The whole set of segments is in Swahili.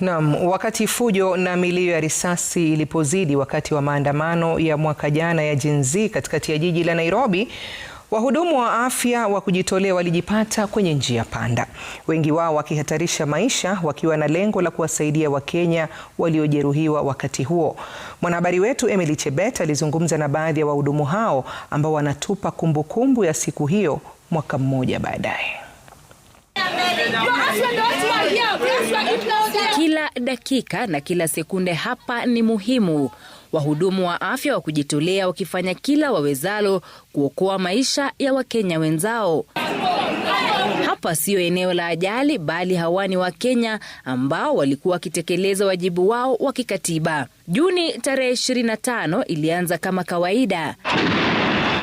Naam, wakati fujo na milio ya risasi ilipozidi wakati wa maandamano ya mwaka jana ya Gen Z katikati ya jiji la Nairobi, wahudumu wa afya wa kujitolea walijipata kwenye njia panda, wengi wao wakihatarisha maisha wakiwa na lengo la kuwasaidia Wakenya waliojeruhiwa wakati huo. Mwanahabari wetu Emily Chebet alizungumza na baadhi ya wahudumu hao ambao wanatupa kumbukumbu kumbu ya siku hiyo mwaka mmoja baadaye. Kila dakika na kila sekunde hapa ni muhimu, wahudumu wa afya wa kujitolea wakifanya kila wawezalo kuokoa maisha ya Wakenya wenzao. Hapa siyo eneo la ajali, bali hawa ni Wakenya ambao walikuwa wakitekeleza wajibu wao wa kikatiba. Juni tarehe 25 ilianza kama kawaida.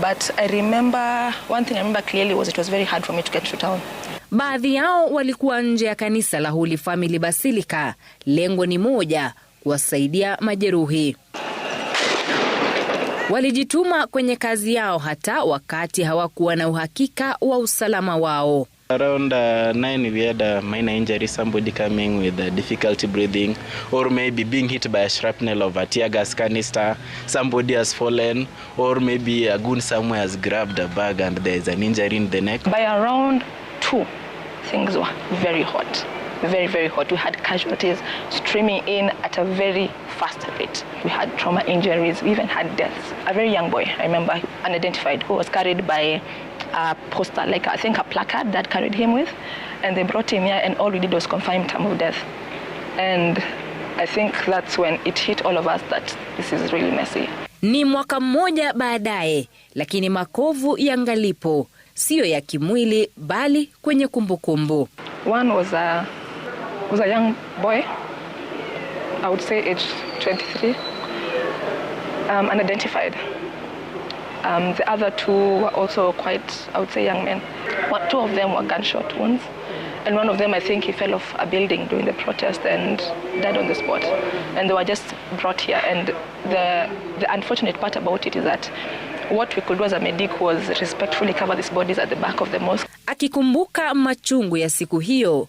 but I remember one thing I remember clearly was it was very hard for me to get to town. Baadhi yao walikuwa nje ya kanisa la Holy Family Basilica. Lengo ni moja, kuwasaidia majeruhi. Walijituma kwenye kazi yao hata wakati hawakuwa na uhakika wa usalama wao. Around uh, 9 we had a minor injury, somebody coming with uh, difficulty breathing or maybe being hit by a shrapnel of a tear gas canister, somebody has fallen or maybe a goon somewhere has grabbed a bag and there is an injury in the neck. By around 2, things were very hot, very, very hot. We had casualties streaming in at a very fast fight. We had trauma injuries, we even had deaths. A very young boy, I remember, unidentified, who was carried by a poster, like I think a placard that carried him with, and they brought him here and all we did was confirm term of death. And I think that's when it hit all of us that this is really messy. Ni mwaka mmoja baadaye, lakini makovu yangalipo, sio ya kimwili bali kwenye kumbukumbu kumbu. One was a, was a young boy, I would say age 23, um, unidentified. Um, the other two were also quite, I would say, young men. But two of them were gunshot wounds, and one of them, I think, he fell off a building during the protest and died on the spot. And they were just brought here. And the, the unfortunate part about it is that what we could do as a medic was respectfully cover these bodies at the back of the mosque. Akikumbuka machungu ya siku hiyo,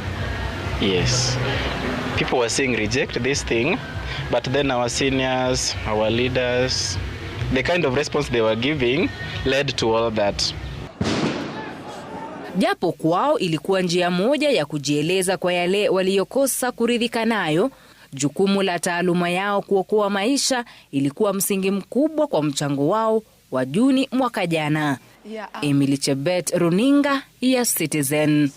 Yes. People were saying reject this thing, but then our seniors, our leaders, the kind of response they were giving led to all that. Japo kwao ilikuwa njia moja ya kujieleza kwa yale waliyokosa kuridhika nayo, jukumu la taaluma yao kuokoa maisha ilikuwa msingi mkubwa kwa mchango wao wa Juni mwaka jana. Yeah, um... Emily Chebet, Runinga ya Citizen.